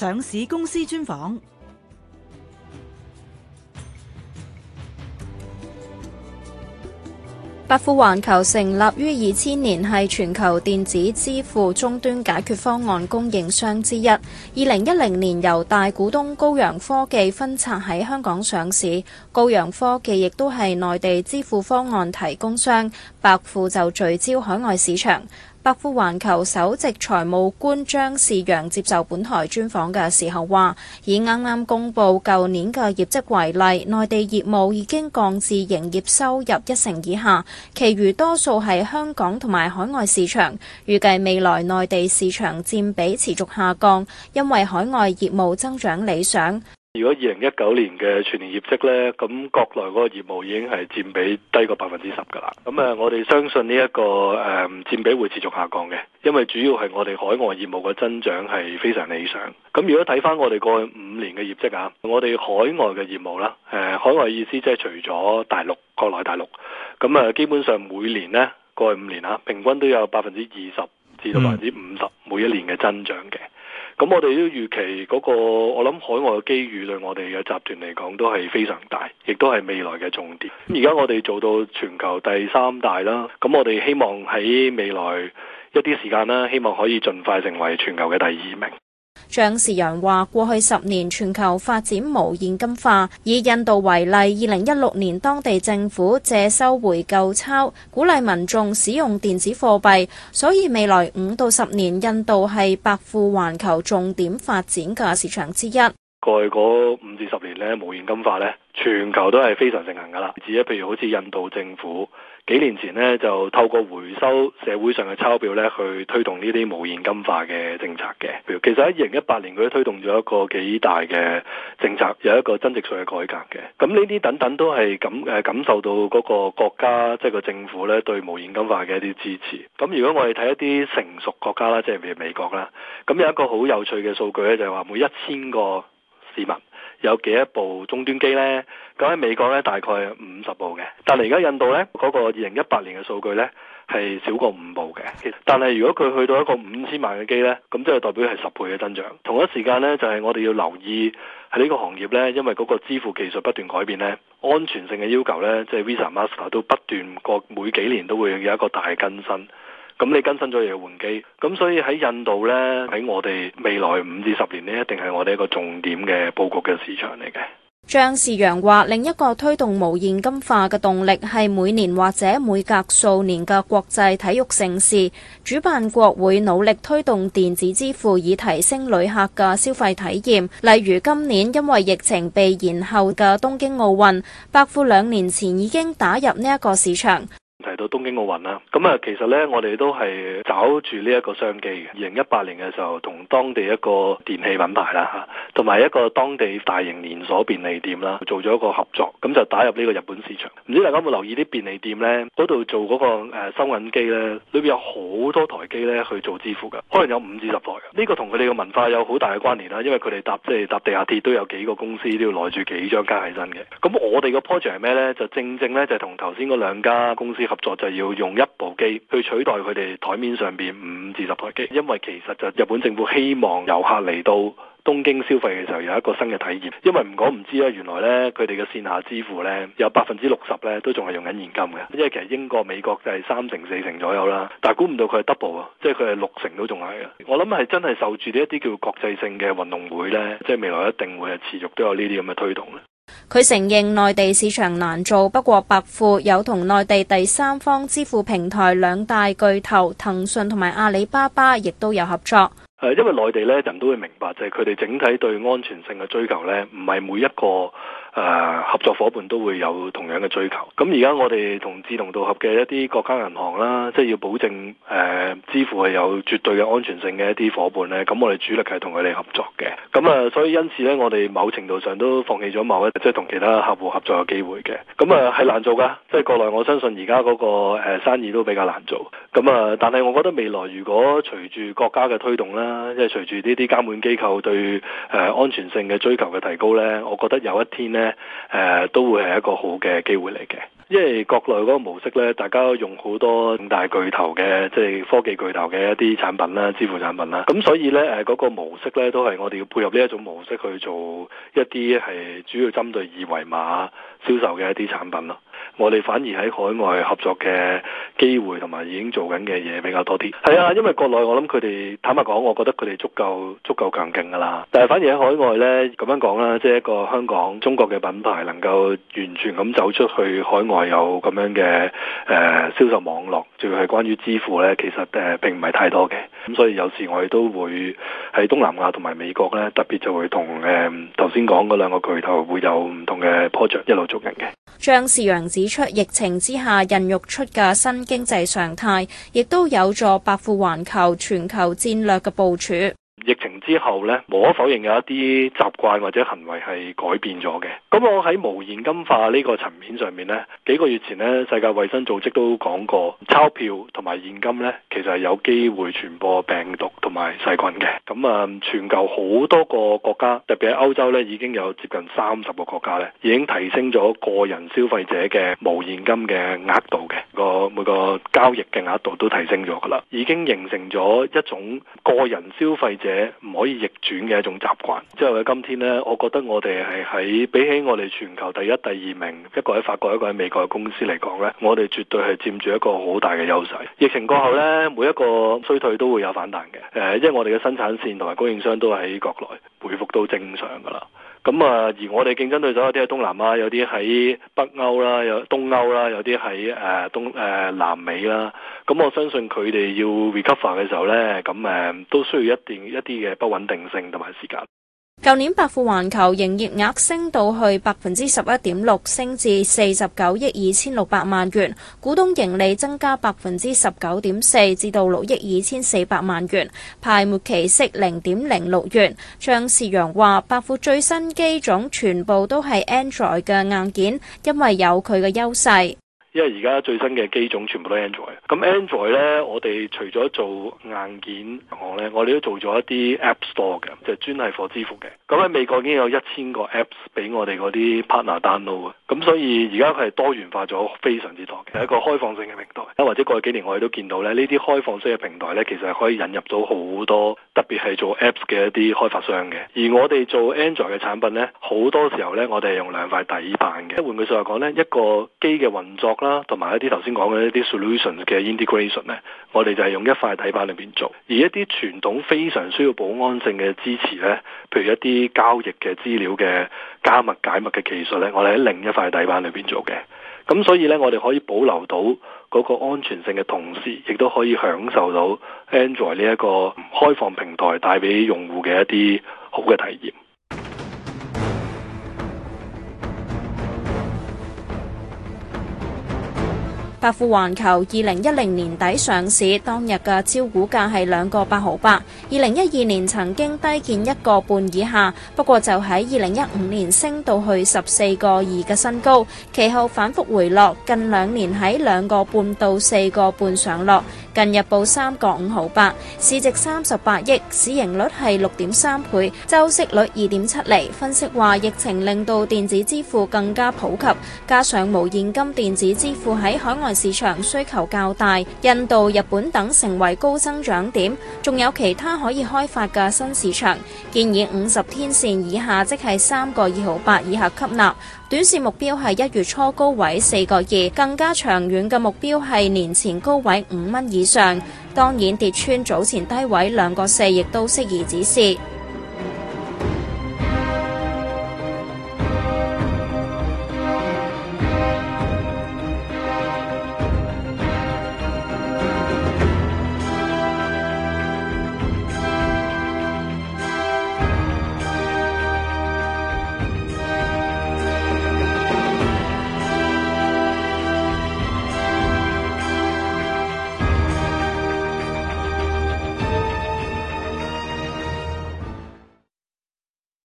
上市公司專訪，百富環球成立於二千年，係全球電子支付終端解決方案供應商之一。二零一零年由大股東高陽科技分拆喺香港上市，高陽科技亦都係內地支付方案提供商，百富就聚焦海外市場。百富環球首席財務官張仕揚接受本台專訪嘅時候話，以啱啱公布舊年嘅業績為例，內地業務已經降至營業收入一成以下，其餘多數係香港同埋海外市場。預計未來內地市場佔比持續下降，因為海外業務增長理想。如果二零一九年嘅全年業績呢，咁國內嗰個業務已經係佔比低過百分之十噶啦。咁啊，我哋相信呢、這、一個誒占、嗯、比會持續下降嘅，因為主要係我哋海外業務嘅增長係非常理想。咁如果睇翻我哋過去五年嘅業績啊，我哋海外嘅業務啦，誒、呃，海外意思即係除咗大陸、國內大陸，咁啊，基本上每年呢過去五年啊，平均都有百分之二十至到百分之五十每一年嘅增長嘅。嗯咁我哋都預期嗰個，我諗海外嘅機遇對我哋嘅集團嚟講都係非常大，亦都係未來嘅重點。而家我哋做到全球第三大啦，咁我哋希望喺未來一啲時間啦，希望可以盡快成為全球嘅第二名。張仕揚話：過去十年，全球發展無現金化。以印度為例，二零一六年當地政府借收回舊鈔，鼓勵民眾使用電子貨幣。所以未來五到十年，印度係百富環球重點發展嘅市場之一。過去五至十年咧，無現金化咧，全球都係非常盛行噶啦。而且，譬如好似印度政府幾年前咧，就透過回收社會上嘅鈔票咧，去推動呢啲無現金化嘅政策嘅。其實喺二零一八年，佢都推動咗一個幾大嘅政策，有一個增值稅嘅改革嘅。咁呢啲等等都係感誒感受到嗰個國家即係個政府咧，對無現金化嘅一啲支持。咁如果我哋睇一啲成熟國家啦，即係譬如美國啦，咁有一個好有趣嘅數據咧，就係話每一千個市民有幾多部終端機呢？咁喺美國呢，大概五十部嘅。但係而家印度呢，嗰、嗰個二零一八年嘅數據呢，係少過五部嘅。但係如果佢去到一個五千萬嘅機呢，咁即係代表係十倍嘅增長。同一時間呢，就係、係、我哋要留意喺呢個行業呢，因為嗰個支付技術不斷改變呢，安全性嘅要求呢，即係 Visa、Master 都不斷過每幾年都會有一個大更新。咁、嗯、你更新咗嘢要換機，咁、嗯、所以喺印度呢，喺我哋未來五至十年呢，一定係我哋一個重點嘅佈局嘅市場嚟嘅。張仕揚話，另一個推動無現金化嘅動力係每年或者每隔數年嘅國際體育盛事，主辦國會努力推動電子支付，以提升旅客嘅消費體驗。例如今年因為疫情被延後嘅東京奧運，百富兩年前已經打入呢一個市場。嗯到東京奧運啦，咁啊，其實呢，我哋都係找住呢一個商機。二零一八年嘅時候，同當地一個電器品牌啦嚇，同埋一個當地大型連鎖便利店啦，做咗一個合作，咁就打入呢個日本市場。唔知大家有冇留意啲便利店呢？嗰度做嗰個誒收銀機呢，裏邊有好多台機呢去做支付嘅，可能有五至十台。呢個同佢哋嘅文化有好大嘅關聯啦，因為佢哋搭即係搭地下鐵都有幾個公司都要攞住幾張卡起身嘅。咁我哋嘅 project 係咩呢？就正正呢，就係同頭先嗰兩家公司合作。我就要用一部機去取代佢哋台面上面五至十台機，因為其實就日本政府希望遊客嚟到東京消費嘅時候有一個新嘅體驗，因為唔講唔知啦，原來呢，佢哋嘅線下支付呢有百分之六十呢都仲係用緊現金嘅，因為其實英國、美國就係三成、四成左右啦，但係估唔到佢係 double 啊，即係佢係六成都仲係啊。我諗係真係受住呢一啲叫國際性嘅運動會呢，即係未來一定會係持續都有呢啲咁嘅推動咧。佢承認內地市場難做，不過百富有同內地第三方支付平台兩大巨頭騰訊同埋阿里巴巴，亦都有合作。誒，因為內地咧，人都會明白，就係佢哋整體對安全性嘅追求咧，唔係每一個，誒、呃、合作伙伴都會有同樣嘅追求。咁而家我哋同志同道合嘅一啲國家銀行啦，即係要保證誒、呃、支付係有絕對嘅安全性嘅一啲伙伴咧。咁我哋主力係同佢哋合作嘅。咁啊，所以因此咧，我哋某程度上都放棄咗某一即係同其他客戶合作嘅機會嘅。咁啊，係難做㗎。即係國內，我相信而家嗰個、呃、生意都比較難做。咁啊，但係我覺得未來如果隨住國家嘅推動啦，即係隨住呢啲監管機構對誒、呃、安全性嘅追求嘅提高咧，我覺得有一天咧。咧，誒、呃、都會係一個好嘅機會嚟嘅。因為國內嗰個模式咧，大家都用好多大巨頭嘅即係科技巨頭嘅一啲產品啦，支付產品啦，咁所以咧，誒嗰個模式咧，都係我哋要配合呢一種模式去做一啲係主要針對二維碼銷售嘅一啲產品咯。我哋反而喺海外合作嘅機會同埋已經做緊嘅嘢比較多啲。係啊，因為國內我諗佢哋坦白講，我覺得佢哋足夠足夠強勁㗎喇。但係反而喺海外咧咁樣講啦，即係一個香港中國嘅品牌能夠完全咁走出去海外。有咁樣嘅誒銷售網絡，仲要係關於支付咧，其實誒、呃、並唔係太多嘅，咁所以有時我哋都會喺東南亞同埋美國咧，特別就會同誒頭先講嗰兩個巨頭會有唔同嘅 project 一路捉人嘅。張仕陽指出，疫情之下孕育出嘅新經濟常態，亦都有助百富環球全球戰略嘅部署。疫情之後呢，無可否認有一啲習慣或者行為係改變咗嘅。咁我喺無現金化呢個層面上面呢，幾個月前呢，世界衛生組織都講過，鈔票同埋現金呢，其實係有機會傳播病毒同埋細菌嘅。咁啊、嗯，全球好多個國家，特別係歐洲呢，已經有接近三十個國家呢，已經提升咗個人消費者嘅無現金嘅額度嘅個每個交易嘅額度都提升咗噶啦，已經形成咗一種個人消費者。唔可以逆轉嘅一種習慣。即係喺今天呢，我覺得我哋係喺比起我哋全球第一、第二名，一個喺法國、一個喺美國嘅公司嚟講呢，我哋絕對係佔住一個好大嘅優勢。疫情過後呢，每一個衰退都會有反彈嘅。誒、呃，因為我哋嘅生產線同埋供應商都喺國內回復都正常㗎啦。咁啊、嗯，而我哋競爭對手有啲喺東南亞啦，有啲喺北歐啦，有東歐啦，有啲喺誒東誒、呃、南美啦。咁、啊嗯、我相信佢哋要 recover 嘅時候咧，咁、嗯、誒、嗯、都需要一定一啲嘅不穩定性同埋時間。舊年百富環球營業額升到去百分之十一點六，升至四十九億二千六百萬元，股東盈利增加百分之十九點四，至到六億二千四百萬元，派末期息零點零六元。張仕揚話：百富最新機種全部都係 Android 嘅硬件，因為有佢嘅優勢。因為而家最新嘅機種全部都 Android，咁 Android 咧，我哋除咗做硬件講咧，我哋都做咗一啲 App Store 嘅，就專係貨支付嘅。咁喺美國已經有一千個 Apps 俾我哋嗰啲 partner download，咁所以而家佢係多元化咗非常之多嘅，係一個開放性嘅平台。啊，或者過去幾年我哋都見到咧，呢啲開放性嘅平台咧，其實係可以引入到好多，特別係做 Apps 嘅一啲開發商嘅。而我哋做 Android 嘅產品咧，好多時候咧，我哋係用兩塊底板嘅。即係換句説話講咧，一個機嘅運作。啦，同埋一啲頭先講嘅一啲 solution 嘅 integration 咧，我哋就係用一塊底板裏邊做；而一啲傳統非常需要保安性嘅支持咧，譬如一啲交易嘅資料嘅加密解密嘅技術咧，我哋喺另一塊底板裏邊做嘅。咁所以咧，我哋可以保留到嗰個安全性嘅同時，亦都可以享受到 Android 呢一個開放平台帶俾用戶嘅一啲好嘅體驗。百富環球二零一零年底上市，當日嘅招股價係兩個八毫八，二零一二年曾經低見一個半以下，不過就喺二零一五年升到去十四個二嘅新高，其後反復回落，近兩年喺兩個半到四個半上落。近日報三個五毫八，市值三十八億，市盈率係六點三倍，周息率二點七厘。分析話疫情令到電子支付更加普及，加上無現金電子支付喺海外市場需求較大，印度、日本等成為高增長點，仲有其他可以開發嘅新市場。建議五十天線以下即係三個二毫八以下吸納。短線目標係一月初高位四個二，更加長遠嘅目標係年前高位五蚊以上。當然跌穿早前低位兩個四亦都適宜止蝕。